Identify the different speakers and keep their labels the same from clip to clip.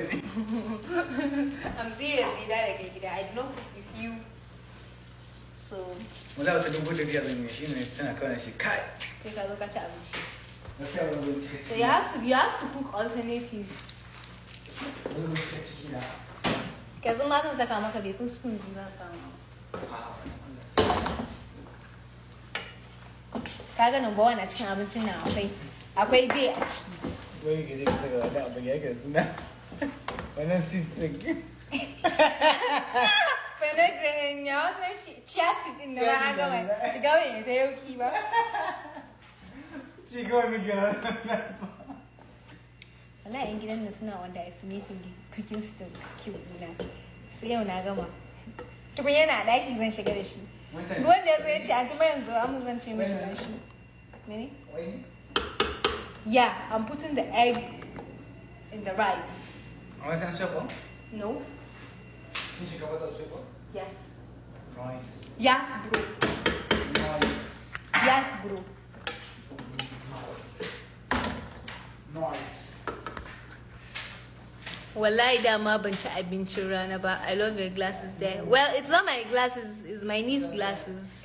Speaker 1: I'm seriously like I don't you. So wata dubu da biyar ne shi ne tana kawai shi kai. Sai ka zo ka ci abinci. So you have to you have to cook alternative. Ka ma zan saka maka bai kun spoon din zan samu. Ka ga number a cikin abincin nan akwai akwai bai a ciki. Wai saka suna. When I see sick. When nhớ nó chest in the bag rồi. Chị có bị theo khi bấm. Chị có bị cái đó. Wala yan gidan na suna wanda estimating cooking skill skill na. Sai yau na gama. Tukun yana ɗaki zan shiga da shi. Ruwan da ya zo ya ce, Aunty Mayam zo, amma zan ce mishi da shi. Mene? Yeah, I'm putting the egg in the rice. Am I saying Swepo? No. Since you covered the Swepo? Yes. Nice. Yes, bro. Nice. Yes, bro. Nice. Wallahi dama a bunch of rana but I love your glasses there. Well, it's not my glasses, it's my niece's glasses.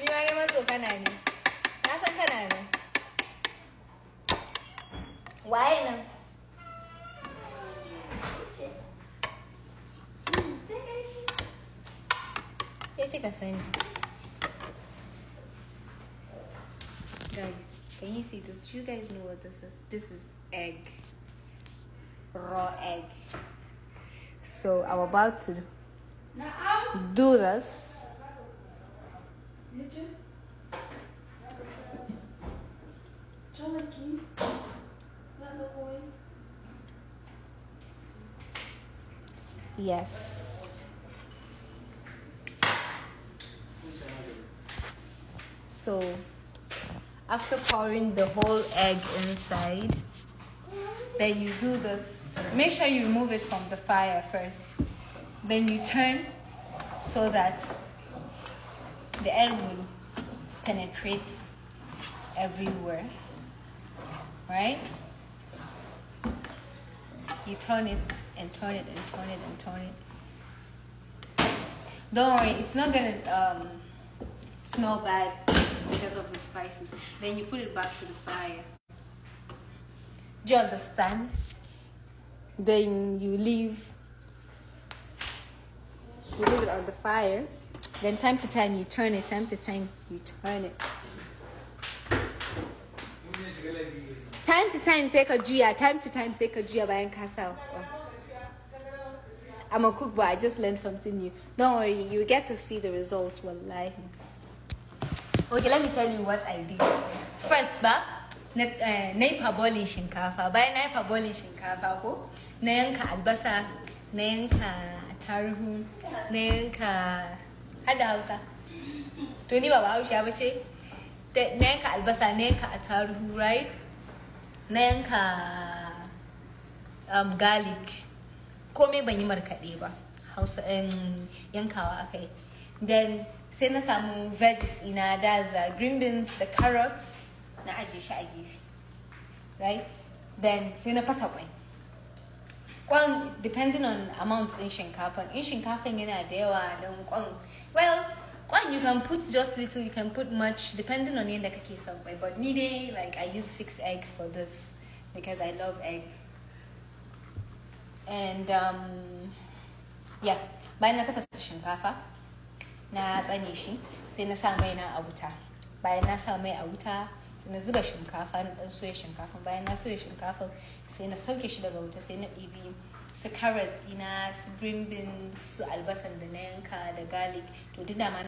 Speaker 1: Nilagay mo to, kanan. Nasaan Why Guys, can you see this? Do you guys know what this is? This is egg. Raw egg. So I'm about to do this. Yes. So, after pouring the whole egg inside, then you do this. Make sure you remove it from the fire first. Then you turn so that the air will penetrate everywhere, right? You turn it and turn it and turn it and turn it. Don't worry, it's not gonna um, smell bad because of the spices. Then you put it back to the fire. Do you understand? Then you leave, you leave it on the fire. Then time to time you turn it, time to time you turn it. Time to time sai ka time to time sai ka juya bayan I'm a cook, but I just learned something new. Don't worry, you get to see the result. Wallahi. Okay, let me tell you what I did. First, ba, na yi fabolin shinkafa. ba na yi shinkafa ko, na yanka albasa, na yanka taruhu, na har da hausa to ni ba ba hausha ba ce na yanka albasa na yanka attaruhu right na yanka um, garlic komai ban yi markaɗe ba hausa um, yankawa yi then sai na samu veggies ina da green beans da carrots na ajiye shi a gefe right then sai na fasa kwai kwan depending on amounts in shinkafan in shinkafan yana da yawa don long. well kwan you can put just little you can put much depending on yadda kake son kwai but ni like i use six egg for this because i love egg and um, yeah bayan na tafasa shinkafa na tsane sai na sa mai na a bayan na sa mai a na zuba shinkafa na dan soya shinkafa bayan na soya shinkafa sai na sauke shi daga wuta sai na ɗibi su carrots ina su green beans su albasan da na yanka da garlic to duk da ma